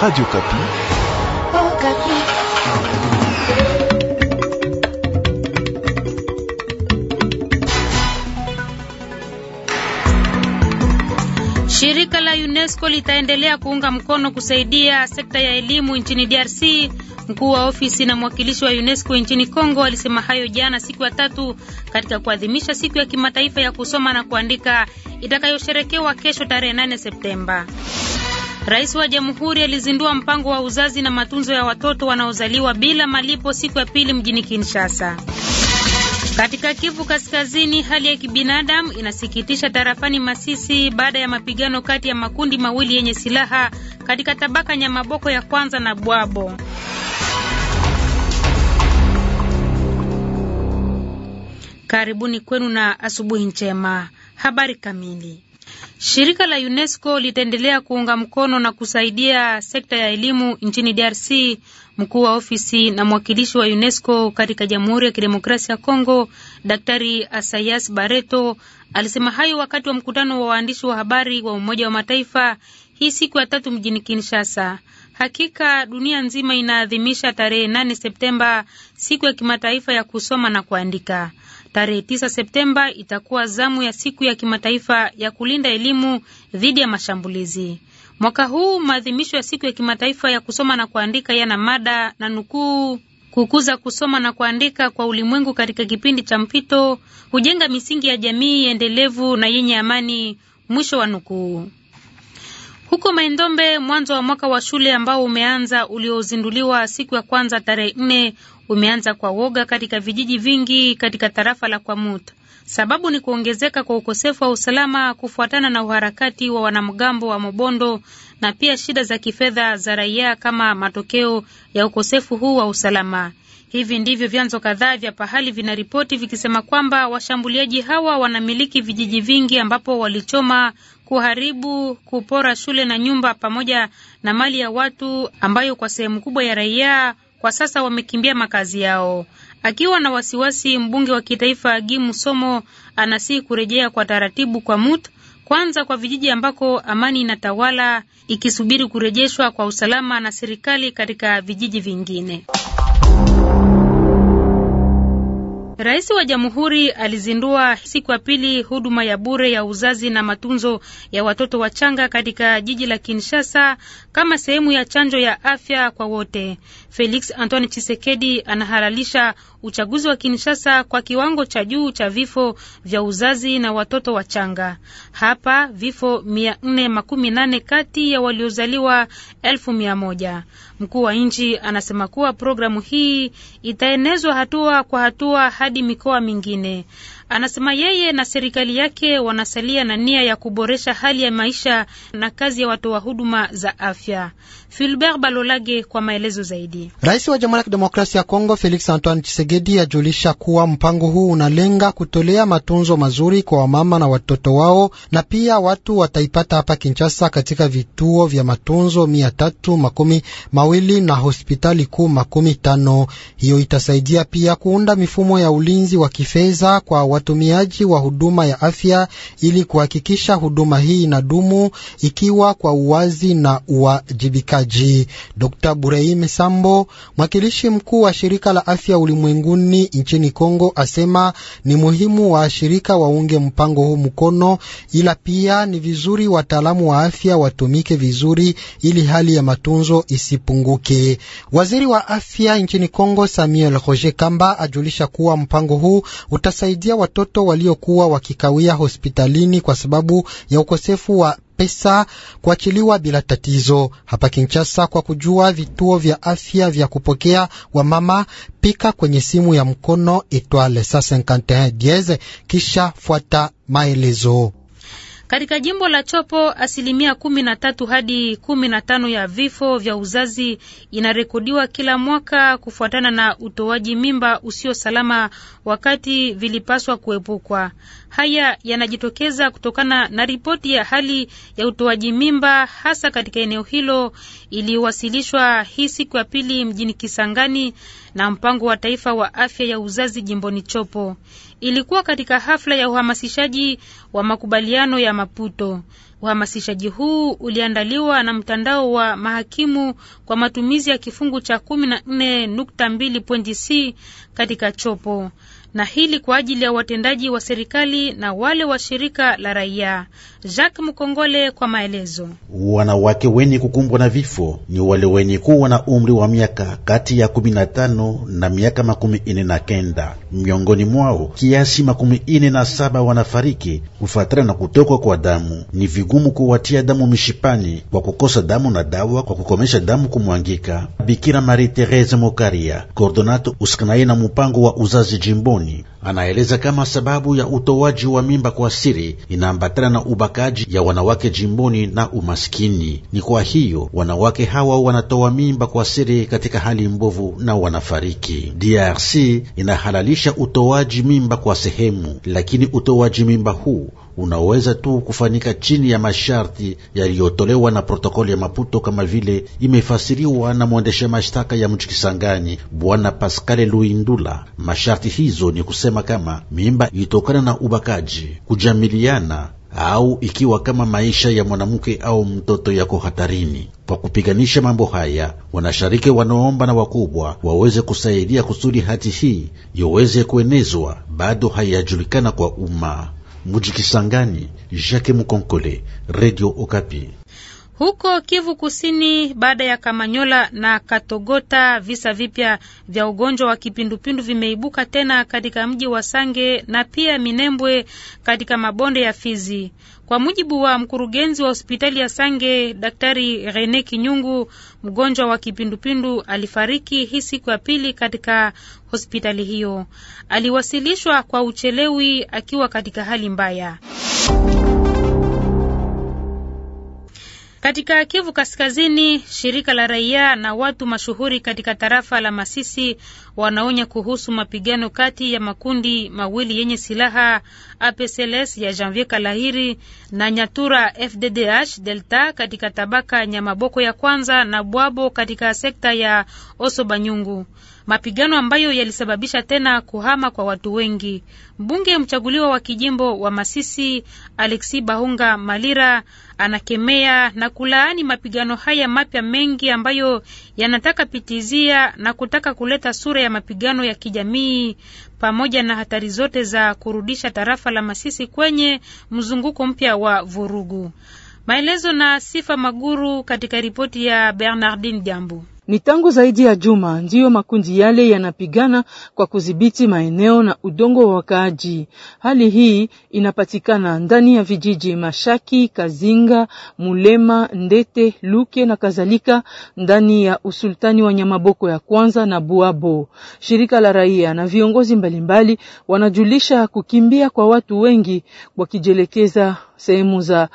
Radio Kapi. Oh, Kapi. Shirika la UNESCO litaendelea kuunga mkono kusaidia sekta ya elimu nchini DRC. Mkuu wa ofisi na mwakilishi wa UNESCO nchini Kongo alisema hayo jana siku ya tatu katika kuadhimisha siku ya kimataifa ya kusoma na kuandika itakayosherekewa kesho tarehe 8 Septemba. Rais wa Jamhuri alizindua mpango wa uzazi na matunzo ya watoto wanaozaliwa bila malipo siku ya pili mjini Kinshasa. Katika Kivu Kaskazini, hali ya kibinadamu inasikitisha tarafani Masisi baada ya mapigano kati ya makundi mawili yenye silaha katika tabaka Nyamaboko ya kwanza na Bwabo. Karibuni kwenu na asubuhi njema. Habari kamili Shirika la UNESCO litaendelea kuunga mkono na kusaidia sekta ya elimu nchini DRC. Mkuu wa ofisi na mwakilishi wa UNESCO katika Jamhuri ya Kidemokrasia ya Kongo, Daktari Asayas bareto alisema hayo wakati wa mkutano wa waandishi wa habari wa Umoja wa Mataifa hii siku ya tatu mjini Kinshasa. Hakika dunia nzima inaadhimisha tarehe 8 Septemba, siku ya kimataifa ya kusoma na kuandika. Tarehe tisa Septemba itakuwa zamu ya siku ya kimataifa ya kulinda elimu dhidi ya mashambulizi. Mwaka huu maadhimisho ya siku ya kimataifa ya kusoma na kuandika yana mada na nukuu, kukuza kusoma na kuandika kwa ulimwengu katika kipindi cha mpito, kujenga misingi ya jamii endelevu na yenye amani, mwisho wa nukuu. Huko Maindombe, mwanzo wa mwaka wa shule ambao umeanza uliozinduliwa siku ya kwanza tarehe nne umeanza kwa woga katika vijiji vingi katika tarafa la Kwamut. Sababu ni kuongezeka kwa ukosefu wa usalama kufuatana na uharakati wa wanamgambo wa Mobondo na pia shida za kifedha za raia kama matokeo ya ukosefu huu wa usalama. Hivi ndivyo vyanzo kadhaa vya pahali vinaripoti vikisema kwamba washambuliaji hawa wanamiliki vijiji vingi ambapo walichoma, kuharibu, kupora shule na nyumba pamoja na mali ya watu ambayo kwa sehemu kubwa ya raia kwa sasa wamekimbia makazi yao. Akiwa na wasiwasi, mbunge wa kitaifa Gimu Somo anasihi kurejea kwa taratibu kwa MUT, kwanza kwa vijiji ambako amani inatawala, ikisubiri kurejeshwa kwa usalama na serikali katika vijiji vingine. Rais wa Jamhuri alizindua siku ya pili huduma ya bure ya uzazi na matunzo ya watoto wachanga katika jiji la Kinshasa kama sehemu ya chanjo ya afya kwa wote. Felix Antoine Chisekedi anahalalisha uchaguzi wa Kinshasa kwa kiwango cha juu cha vifo vya uzazi na watoto wachanga. Hapa vifo 418 kati ya waliozaliwa 1 Mkuu wa nchi anasema kuwa programu hii itaenezwa hatua kwa hatua hadi mikoa mingine. Anasema yeye na serikali yake wanasalia na nia ya kuboresha hali ya maisha na kazi ya watoa huduma za afya. Filbert Balolage kwa maelezo zaidi. Rais wa Jamhuri ya Kidemokrasia ya Kongo Felix Antoine Tshisekedi ajulisha kuwa mpango huu unalenga kutolea matunzo mazuri kwa wamama na watoto wao, na pia watu wataipata hapa Kinshasa katika vituo vya matunzo mia tatu makumi mawili na hospitali kuu makumi tano. Hiyo itasaidia pia kuunda mifumo ya ulinzi wa kifedha kwa watumiaji wa huduma ya afya ili kuhakikisha huduma hii inadumu ikiwa kwa uwazi na uwajibikaji. Dr. Bureim Sambo, mwakilishi mkuu wa shirika la afya ulimwenguni nchini Kongo, asema ni muhimu washirika waunge mpango huu mkono, ila pia ni vizuri wataalamu wa afya watumike vizuri ili hali ya matunzo isipunguke. Waziri wa afya nchini Kongo Samuel Roger Kamba ajulisha kuwa mpango huu utasaidia watoto waliokuwa wakikawia hospitalini kwa sababu ya ukosefu wa pesa kuachiliwa bila tatizo. Hapa Kinshasa, kwa kujua vituo vya afya vya kupokea wamama, pika kwenye simu ya mkono itwale sa 51 kisha fuata maelezo. Katika jimbo la Chopo asilimia kumi na tatu hadi kumi na tano ya vifo vya uzazi inarekodiwa kila mwaka kufuatana na utoaji mimba usio salama wakati vilipaswa kuepukwa. Haya yanajitokeza kutokana na ripoti ya hali ya utoaji mimba hasa katika eneo hilo iliyowasilishwa hii siku ya pili mjini Kisangani na mpango wa taifa wa afya ya uzazi jimboni Chopo. Ilikuwa katika hafla ya uhamasishaji wa makubaliano ya Maputo. Uhamasishaji huu uliandaliwa na mtandao wa mahakimu kwa matumizi ya kifungu cha c katika Chopo na hili kwa ajili ya watendaji wa serikali na wale wa shirika la raia. Jacques Mkongole kwa maelezo. Wanawake wenye kukumbwa na vifo ni wale wenye kuwa na umri wa miaka kati ya 15 na miaka makumi ine na kenda. Miongoni mwao kiasi makumi ine na saba wanafariki kufuatana na kutokwa kwa damu. Ni vigumu kuwatia damu mishipani kwa kukosa damu na dawa kwa kukomesha damu kumwangika. Bikira Marie Therese Mokaria, kordonato usikanaye na mupango wa uzazi jimboni maoni. Anaeleza kama sababu ya utoaji wa mimba kwa siri inaambatana na ubakaji ya wanawake jimboni na umaskini. Ni kwa hiyo wanawake hawa wanatoa mimba kwa siri katika hali mbovu na wanafariki. DRC inahalalisha utoaji mimba kwa sehemu, lakini utoaji mimba huu unaweza tu kufanyika chini ya masharti yaliyotolewa na protokoli ya Maputo, kama vile imefasiriwa na mwendesha mashtaka ya mji Kisangani Bwana Pascale Luindula. Masharti hizo ni kusema kama mimba ilitokana na ubakaji, kujamiliana au ikiwa kama maisha ya mwanamke au mtoto yako hatarini. Kwa kupiganisha mambo haya, wanashariki wanaomba na wakubwa waweze kusaidia kusudi hati hii iweze kuenezwa, bado haiyajulikana kwa umma. Sangani, Jacques Mukonkole, Radio Okapi. Huko Kivu Kusini, baada ya Kamanyola na Katogota, visa vipya vya ugonjwa wa kipindupindu vimeibuka tena katika mji wa Sange na pia Minembwe katika mabonde ya Fizi. Kwa mujibu wa mkurugenzi wa hospitali ya Sange, Daktari Rene Kinyungu, mgonjwa wa kipindupindu alifariki hii siku ya pili katika hospitali hiyo. Aliwasilishwa kwa uchelewi akiwa katika hali mbaya. Katika Kivu Kaskazini, shirika la raia na watu mashuhuri katika tarafa la Masisi wanaonya kuhusu mapigano kati ya makundi mawili yenye silaha APCLS ya Janvier Kalahiri na Nyatura FDDH Delta katika tabaka Nyamaboko ya kwanza na Bwabo katika sekta ya Oso Banyungu mapigano ambayo yalisababisha tena kuhama kwa watu wengi. Mbunge mchaguliwa wa kijimbo wa Masisi Alexi Bahunga Malira anakemea na kulaani mapigano haya mapya mengi ambayo yanataka pitizia na kutaka kuleta sura ya mapigano ya kijamii pamoja na hatari zote za kurudisha tarafa la Masisi kwenye mzunguko mpya wa vurugu. Maelezo na Sifa Maguru katika ripoti ya bernardin Jambu. Ni tangu zaidi ya juma ndiyo makundi yale yanapigana kwa kudhibiti maeneo na udongo wa wakaaji. Hali hii inapatikana ndani ya vijiji Mashaki, Kazinga, Mulema, Ndete, Luke na kadhalika ndani ya usultani wa Nyamaboko ya kwanza na Buabo. Shirika la raia na viongozi mbalimbali wanajulisha kukimbia kwa watu wengi wakijielekeza sehemu za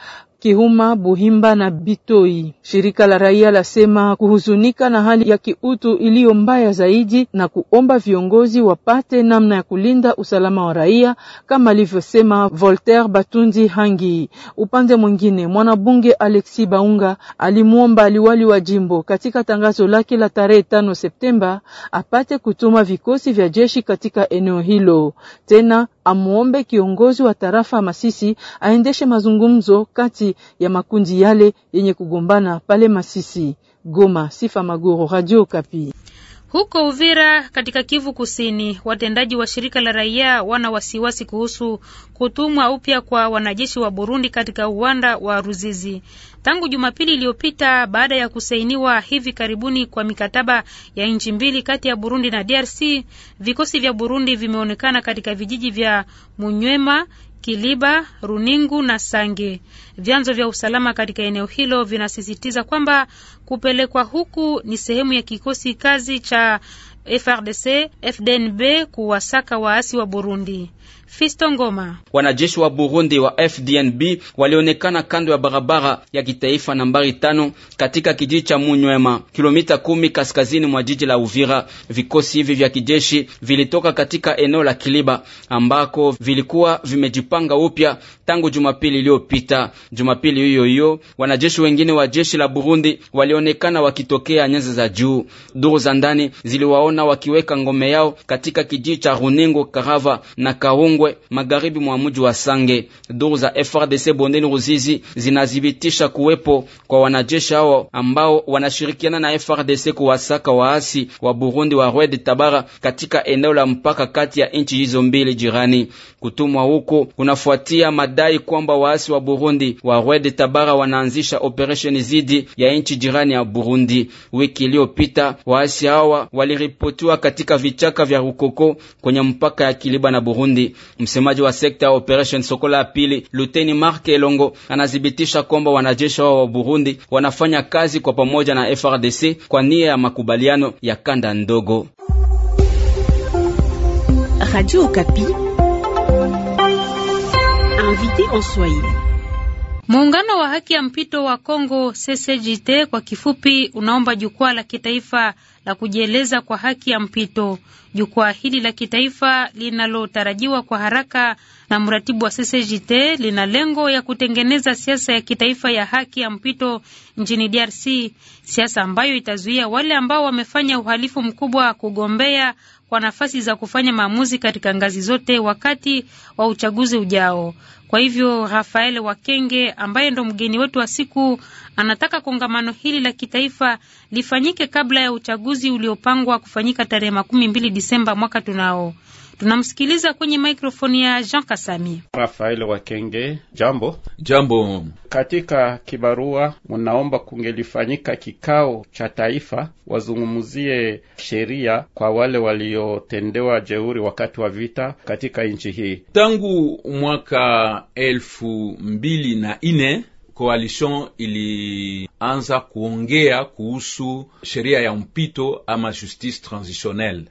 Kihuma, Buhimba na Bitoi. Shirika la raia lasema kuhuzunika na hali ya kiutu iliyo mbaya zaidi na kuomba viongozi wapate namna ya kulinda usalama wa raia kama alivyosema Voltaire batundi Hangi. Upande mwingine, mwanabunge Alexi Baunga alimwomba aliwali wa jimbo katika tangazo lake la tarehe 5 Septemba apate kutuma vikosi vya jeshi katika eneo hilo. Tena amwombe kiongozi wa tarafa Masisi aendeshe mazungumzo kati ya makundi yale yenye kugombana pale Masisi. Goma, Sifa Magoro, Radio Kapi. Huko Uvira katika Kivu Kusini, watendaji wa shirika la raia wana wasiwasi kuhusu kutumwa upya kwa wanajeshi wa Burundi katika uwanda wa Ruzizi tangu Jumapili iliyopita, baada ya kusainiwa hivi karibuni kwa mikataba ya nchi mbili kati ya Burundi na DRC. Vikosi vya Burundi vimeonekana katika vijiji vya Munywema, Kiliba, Runingu na Sange. Vyanzo vya usalama katika eneo hilo vinasisitiza kwamba kupelekwa huku ni sehemu ya kikosi kazi cha FRDC FDNB kuwasaka waasi wa Burundi. Fisto Ngoma. Wanajeshi wa Burundi wa FDNB walionekana kando ya barabara ya kitaifa nambari tano katika kijiji cha Munywema, kilomita kumi kaskazini mwa jiji la Uvira. Vikosi hivi vya kijeshi vilitoka katika eneo la Kiliba ambako vilikuwa vimejipanga upya tangu Jumapili iliyopita. Jumapili hiyo hiyo, wanajeshi wengine wa jeshi la Burundi walionekana wakitokea nyanza za juu. Duru za ndani ziliwaona wakiweka ngome yao katika kijiji cha Runingo, Karava na Kaungu Mungwe, magharibi mwa mji wa Sange. Duru za FRDC bondeni Ruzizi zinadhibitisha kuwepo kwa wanajeshi hao ambao wanashirikiana na FRDC kuwasaka waasi wa Burundi wa Red Tabara katika eneo la mpaka kati ya nchi hizo mbili jirani. Kutumwa huko kunafuatia madai kwamba waasi wa Burundi wa Red Tabara wanaanzisha operesheni zidi ya nchi jirani ya Burundi. Wiki iliyopita waasi hawa waliripotiwa katika vichaka vya Rukoko kwenye mpaka ya Kiliba na Burundi. Msemaji wa sekta ya Operation Sokola ya pili, Luteni Mark Elongo, anathibitisha kwamba wanajeshi hao wa Burundi wanafanya kazi kwa pamoja na FRDC kwa nia ya makubaliano ya kanda ndogo. Radio Okapi, invité en Swahili. Muungano wa haki ya mpito wa congo CCJT kwa kifupi unaomba jukwaa la kitaifa la kujieleza kwa haki ya mpito. Jukwaa hili la kitaifa linalotarajiwa kwa haraka na mratibu wa CCJT lina lengo ya kutengeneza siasa ya kitaifa ya haki ya mpito nchini DRC, siasa ambayo itazuia wale ambao wamefanya uhalifu mkubwa kugombea kwa nafasi za kufanya maamuzi katika ngazi zote wakati wa uchaguzi ujao. Kwa hivyo Rafael Wakenge ambaye ndo mgeni wetu wa siku anataka kongamano hili la kitaifa lifanyike kabla ya uchaguzi uliopangwa kufanyika tarehe makumi mbili Disemba mwaka tunao. Tunamsikiliza kwenye mikrofoni ya Jean Kasami. Rafael Wakenge, jambo. Jambo. Katika kibarua munaomba kungelifanyika kikao cha taifa wazungumuzie sheria kwa wale waliotendewa jeuri wakati wa vita katika nchi hii. Tangu mwaka elfu mbili na nne Coalition ilianza kuongea kuhusu sheria ya mpito ama justice transitionnelle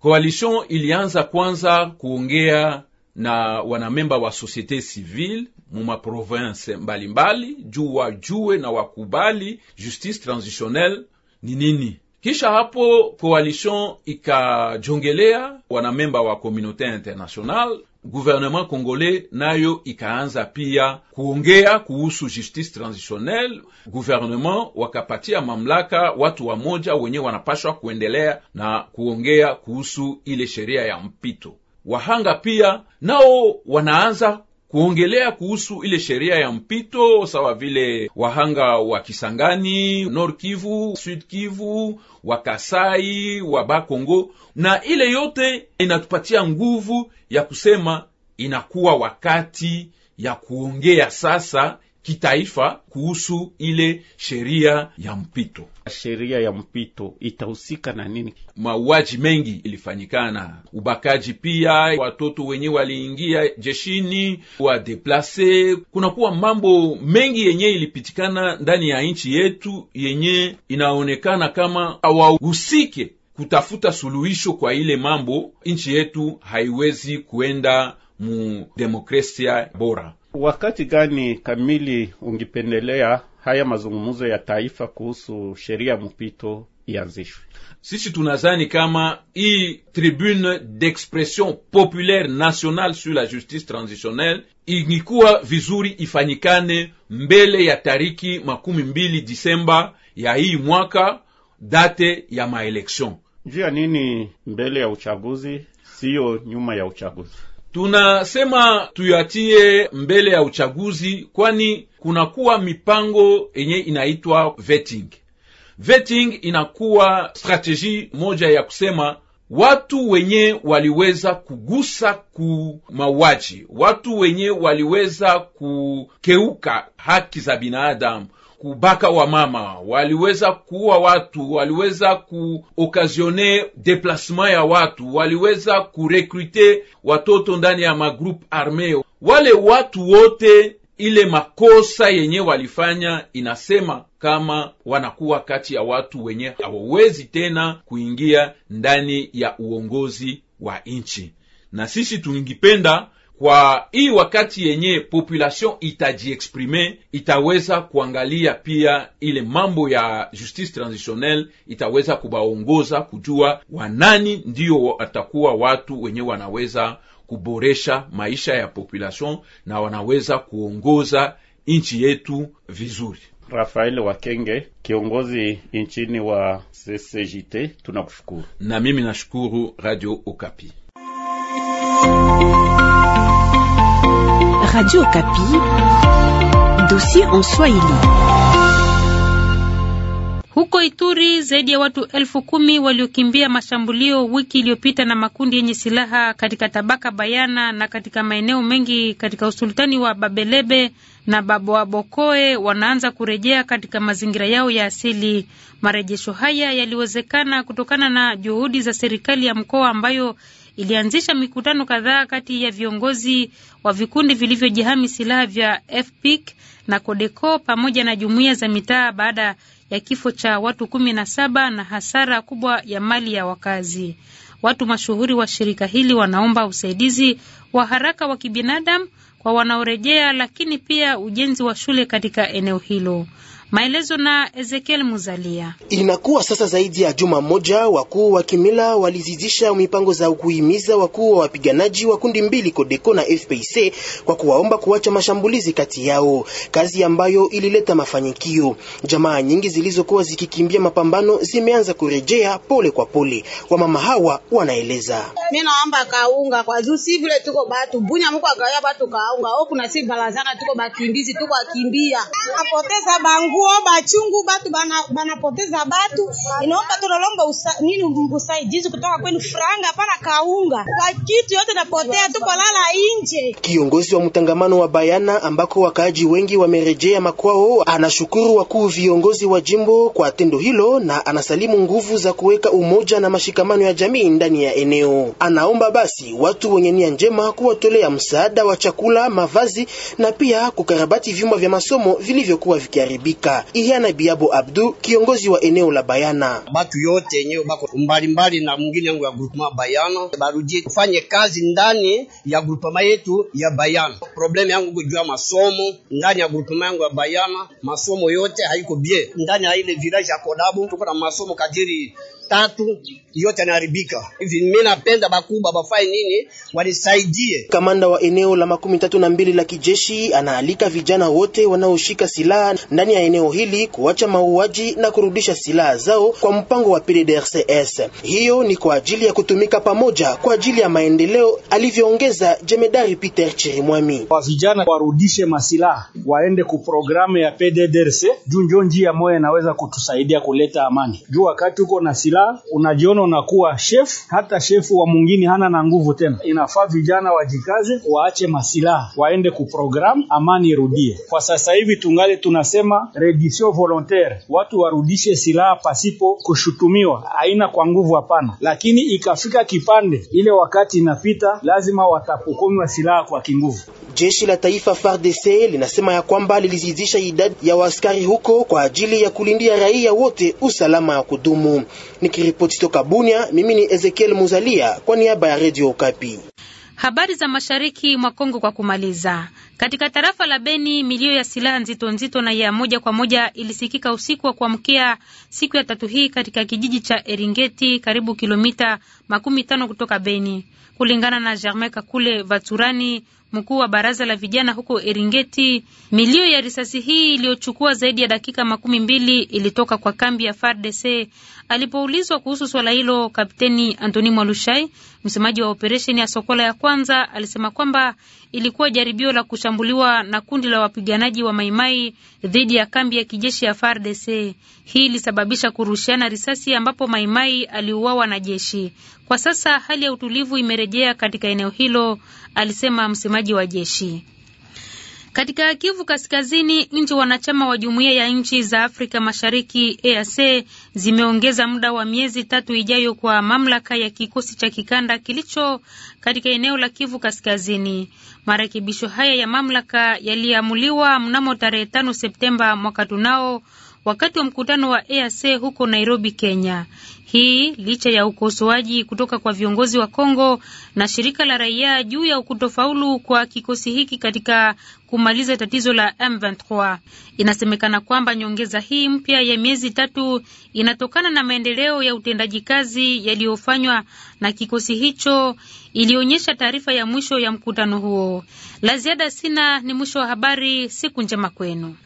coalition ilianza kwanza kuongea na wanamemba wa societe civile mu maprovince mbalimbali juu wajue na wakubali justice transitionnelle ni nini. Kisha hapo koalition ikajongelea wanamemba wa communaute internationale gouvernement congolais nayo ikaanza pia kuongea kuhusu justice transitionelle. guvernement wakapatia mamlaka watu wamoja wenye wanapashwa kuendelea na kuongea kuhusu ile sheria ya mpito. Wahanga pia nao wanaanza kuongelea kuhusu ile sheria ya mpito sawa vile wahanga wa Kisangani, Nord Kivu, Sud Kivu, wa Kasai, wa Bakongo, na ile yote inatupatia nguvu ya kusema inakuwa wakati ya kuongea sasa kitaifa kuhusu ile sheria ya mpito. Sheria ya mpito itahusika na nini? Mauaji mengi ilifanyikana, ubakaji pia, watoto wenye waliingia jeshini wa deplase. Kunakuwa mambo mengi yenye ilipitikana ndani ya nchi yetu yenye inaonekana kama hawahusike kutafuta suluhisho kwa ile mambo, nchi yetu haiwezi kuenda mu demokrasia bora. Wakati gani kamili ungipendelea haya mazungumzo ya taifa kuhusu sheria mpito ianzishwe? Sisi tunazani kama hii tribune d'expression populaire nationale sur la justice transitionnelle ingikuwa vizuri ifanyikane mbele ya tariki makumi mbili Disemba ya hii mwaka, date ya maeleksion. Juu ya nini? Mbele ya uchaguzi, siyo nyuma ya uchaguzi tunasema tuyatie mbele ya uchaguzi, kwani kunakuwa mipango yenye inaitwa vetting. Vetting inakuwa strateji moja ya kusema watu wenye waliweza kugusa ku mauaji, watu wenye waliweza kukeuka haki za binadamu kubaka wa mama, waliweza kuua watu, waliweza kuokasione deplasement ya watu, waliweza kurekrute watoto ndani ya magroupe arme. Wale watu wote ile makosa yenye walifanya inasema kama wanakuwa kati ya watu wenye hawawezi tena kuingia ndani ya uongozi wa nchi, na sisi tungipenda kwa hii wakati yenye population itajiexprime itaweza kuangalia pia ile mambo ya justice transitionnelle, itaweza kubaongoza kujua wanani ndio watakuwa watu wenye wanaweza kuboresha maisha ya population na wanaweza kuongoza nchi yetu vizuri. Rafael Wakenge, kiongozi nchini wa CCJT, tunakushukuru. Na mimi nashukuru Radio Okapi. Radio Kapi. Dossier en Swahili. Huko Ituri zaidi ya watu elfu kumi waliokimbia mashambulio wiki iliyopita na makundi yenye silaha katika tabaka Bayana na katika maeneo mengi katika usultani wa Babelebe na Baboabokoe wanaanza kurejea katika mazingira yao ya asili. Marejesho haya yaliwezekana kutokana na juhudi za serikali ya mkoa ambayo ilianzisha mikutano kadhaa kati ya viongozi wa vikundi vilivyojihami silaha vya FPIC na CODECO pamoja na jumuiya za mitaa baada ya kifo cha watu kumi na saba na hasara kubwa ya mali ya wakazi. Watu mashuhuri wa shirika hili wanaomba usaidizi wa haraka wa kibinadamu kwa wanaorejea, lakini pia ujenzi wa shule katika eneo hilo. Maelezo na Ezekiel Muzalia. Inakuwa sasa zaidi ya juma moja, wakuu wa kimila walizidisha mipango za kuhimiza wakuu wa wapiganaji wa kundi mbili Kodeko na FPC kwa kuwaomba kuacha mashambulizi kati yao, kazi ambayo ilileta mafanikio. Jamaa nyingi zilizokuwa zikikimbia mapambano zimeanza kurejea pole kwa pole. Wamama hawa wanaeleza, mimi naomba kaunga kwa juu, si vile tuko batu bunya mko akaya batu kaunga au kuna si balazana, tuko bakimbizi, tuko akimbia apoteza bangu kuo bachungu batu banapoteza bana batu, inaomba tunalomba usa, nini usaidizi kutoka kwenu, franga pana kaunga kwa kitu yote napotea, tuko lala nje. Kiongozi wa mtangamano wa bayana ambako wakaaji wengi wamerejea makwao, anashukuru wakuu viongozi wa jimbo kwa tendo hilo na anasalimu nguvu za kuweka umoja na mashikamano ya jamii ndani ya eneo. Anaomba basi watu wenye nia njema kuwatolea msaada wa chakula, mavazi na pia kukarabati vyumba vya masomo vilivyokuwa vikiharibika. Masharika. Ihana Biabo Abdu, kiongozi wa eneo la Bayana: batu yote yenyewe bako mbalimbali na mwingine yangu ya groupement Bayana barudie tufanye kazi ndani ya groupement yetu ya Bayana. Probleme yangu kujua masomo ndani ya grupema yangu ya Bayana, masomo yote haiko bie ndani ya ile village ya Kodabu, tuko na masomo kadiri tatu yote yanaharibika. Hivi mimi napenda bakubwa bafai nini wanisaidie. Kamanda wa eneo la makumi tatu na mbili la kijeshi anaalika vijana wote wanaoshika silaha ndani ya eneo hili kuacha mauaji na kurudisha silaha zao kwa mpango wa PDDRCS. Hiyo ni kwa ajili ya kutumika pamoja kwa ajili ya maendeleo, alivyoongeza jemedari Peter Chirimwami. Kwa vijana warudishe masilaha, waende programu ya PDDRC juu, njo njia moya inaweza kutusaidia kuleta amani juu wakati uko na silaha la unajiona unakuwa shefu, hata shefu wa mwingine hana na nguvu tena. Inafaa vijana wajikaze, waache masilaha, waende kuprogramu, amani irudie. Kwa sasa hivi tungali tunasema redisio volontaire, watu warudishe silaha pasipo kushutumiwa, haina kwa nguvu, hapana. Lakini ikafika kipande ile wakati inapita, lazima watapokonywa silaha kwa kinguvu. Jeshi la taifa FARDC linasema ya kwamba lilizidisha idadi ya waskari huko kwa ajili ya kulindia raia wote usalama wa kudumu. Ni Nikiripoti toka Bunia, mimi ni Ezekiel Muzalia kwa niaba ya Radio Okapi. Habari za mashariki mwa Kongo kwa kumaliza. Katika tarafa la Beni, milio ya silaha nzito nzito na ya moja kwa moja ilisikika usiku wa kuamkia siku ya tatu hii katika kijiji cha Eringeti, karibu kilomita makumi tano kutoka Beni, kulingana na Germain Kakule Vaturani, mkuu wa baraza la vijana huko Eringeti. Milio ya risasi hii iliyochukua zaidi ya dakika makumi mbili ilitoka kwa kambi ya FARDC. Alipoulizwa kuhusu swala hilo, Kapteni Antoni Mwalushai, msemaji wa operesheni ya Sokola ya kwanza, alisema kwamba ilikuwa jaribio la kushambuliwa na kundi la wapiganaji wa Maimai dhidi ya kambi ya kijeshi ya FARDC. Hii ilisababisha kurushiana risasi, ambapo Maimai aliuawa na jeshi. Kwa sasa hali ya utulivu imerejea katika eneo hilo, alisema msemaji wa jeshi. Katika Kivu Kaskazini, nchi wanachama wa Jumuiya ya Nchi za Afrika Mashariki EAC zimeongeza muda wa miezi tatu ijayo kwa mamlaka ya kikosi cha kikanda kilicho katika eneo la Kivu Kaskazini. Marekebisho haya ya mamlaka yaliamuliwa mnamo tarehe 5 Septemba mwaka tunao wakati wa mkutano wa EAC huko Nairobi, Kenya. Hii licha ya ukosoaji kutoka kwa viongozi wa Kongo na shirika la raia juu ya kutofaulu kwa kikosi hiki katika kumaliza tatizo la M23. Inasemekana kwamba nyongeza hii mpya ya miezi tatu inatokana na maendeleo ya utendaji kazi yaliyofanywa na kikosi hicho, ilionyesha taarifa ya mwisho ya mkutano huo. La ziada sina, ni mwisho wa habari. Siku njema kwenu.